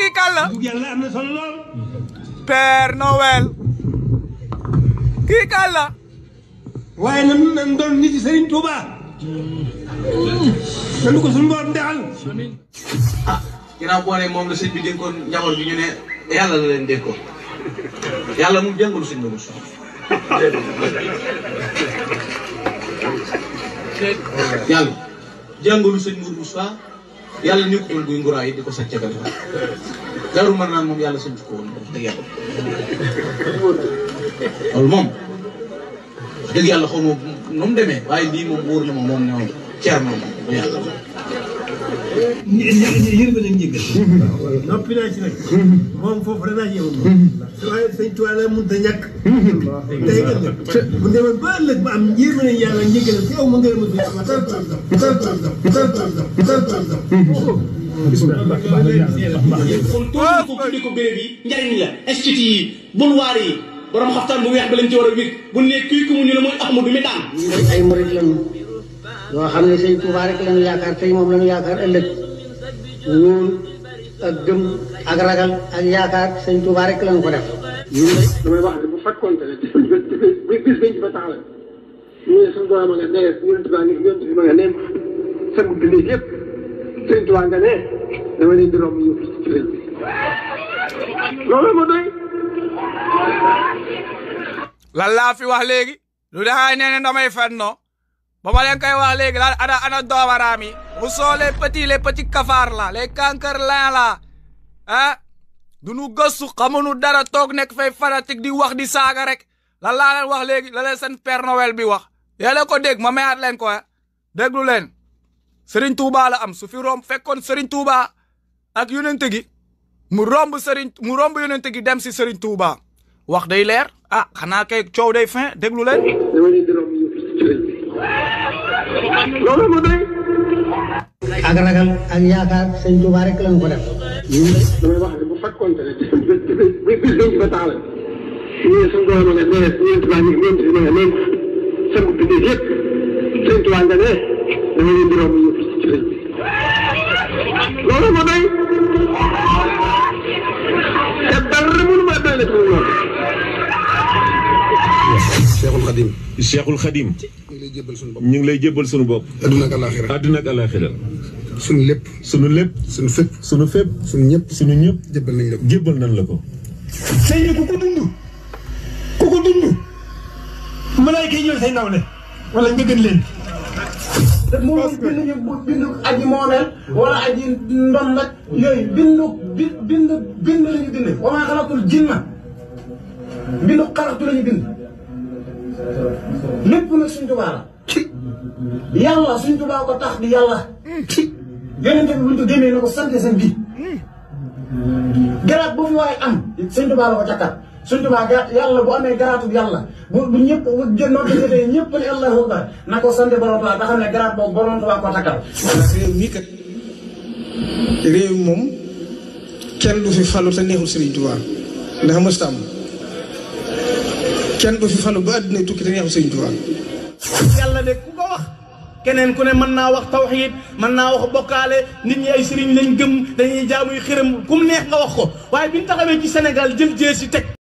kii kan la. Père Noël. kii kan la. waaye nan nan doon nit yi Serigne Touba. nañu ko suñu borom dexal. ah ginnaaw boo moom la sëñ bi dénkoon njaboot bi ñu ne yàlla la leen dénkoon yàlla moom jàngalu sëñ bi yàlla jàngalu yàlla nekkutoon buy nguraay yi di ko sàcc benn fan. Daaru Marnaan moom yàlla sëñ ko woon dëgg yàlla. loolu moom dëgg yàlla xaw ma demee waaye lii moom wóor na ma moom ne moom ceer na moom bu yàlla. yërmande ak njëggal. waaw noppi naa ci nag. moom foofu rek laa jéem moom. waaye sëñ Tuubaa la mënut a ñàkk. tey kat nag bu demoon ba ëllëg ba am yërmande yàlla njëggal ci yow ma ngërëm a dund. bismillah ko tuddi ko béréb yi njariñ la institut yi bulwaar yi borom xaftaan bu weex ba lañ ci war a wér bu ne kuy ku mu ñu ne mooy Ahmadu mi daan ay murid lañu yoo xam ne sëñ Tuubaa rek lañu tey moom lañu yaakaar ëllëg ñun ak gëm ak ragal ak yaakaar sëñ Tuubaa rek lañu def. ñun de wax léegi. lu daay nee damay fenn bama leen kay wax legui dal ana ana warami mu so les petits les petits cafards la les cancrelins la ah eh? du nu gossu xamunu dara tok nek fay fanatique di wax di saga rek la la leen wax legui la leen sen Père Noël bi wax. yéen ko deg ma mayat leen ko eh. Serigne Touba la am su fi rom fekkon Serigne Touba ak yonent gi mu romb Serigne mu romb yonent gi dem ci Serigne Touba wax day leer ah xana kay ciow day fin déglu leen. loolu ma doy ak ragal ak yaakaar sëñ Tuubaa rek lañ ko def ñun damay wax ne bu fekkoon ne bi bis dañ ba taala ñii suñ doon ne nee ñeent baa ñu ñeent ne leen sa gudd bi yëpp sëñ Tuubaa nga ne dama leen di romb cheikhul khadim ñu ngi lay jébal suñu bop aduna ak alaxira aduna ak alaxira suñu lepp suñu lepp suñu fepp suñu fepp suñu ñepp suñu ñepp jébal nañ la ko jébal nañ la ko sey ko ko dund ko ko dund malaika ñu sey nawle wala nga gën leen Bindu bindu bindu aji wala aji ndom bindu bindu bindu bindu jinna bindu xalaqtu la bindu lépp nag suñ tubaa la yàlla suñ tubaa ko tax di yàlla yonente bi garaat bu mu waaye am suñ tubaa la ko cakkat suñ tubaa yàlla bu amee garaatub yàlla bu bu ñëpp noddu jotee ñëpp ne allahu na ko sant borom tubaa nga xam garaat boobu borom tubaa ko takkal réew mi kat réew moom kenn du fi falu te neexul sëriñ tubaa ndax mësta am kenn du fi falu ba àddina tukki te neexu sëñ Tuubaa yàlla de ku ko wax keneen ku ne mën naa wax tawxiid mën naa wax bokkaale nit ñi ay sëriñ lañ gëm dañuy jaamuy xërëm ku mu neex nga wax ko waaye bi ñu taxawee ci Sénégal jël jee si teg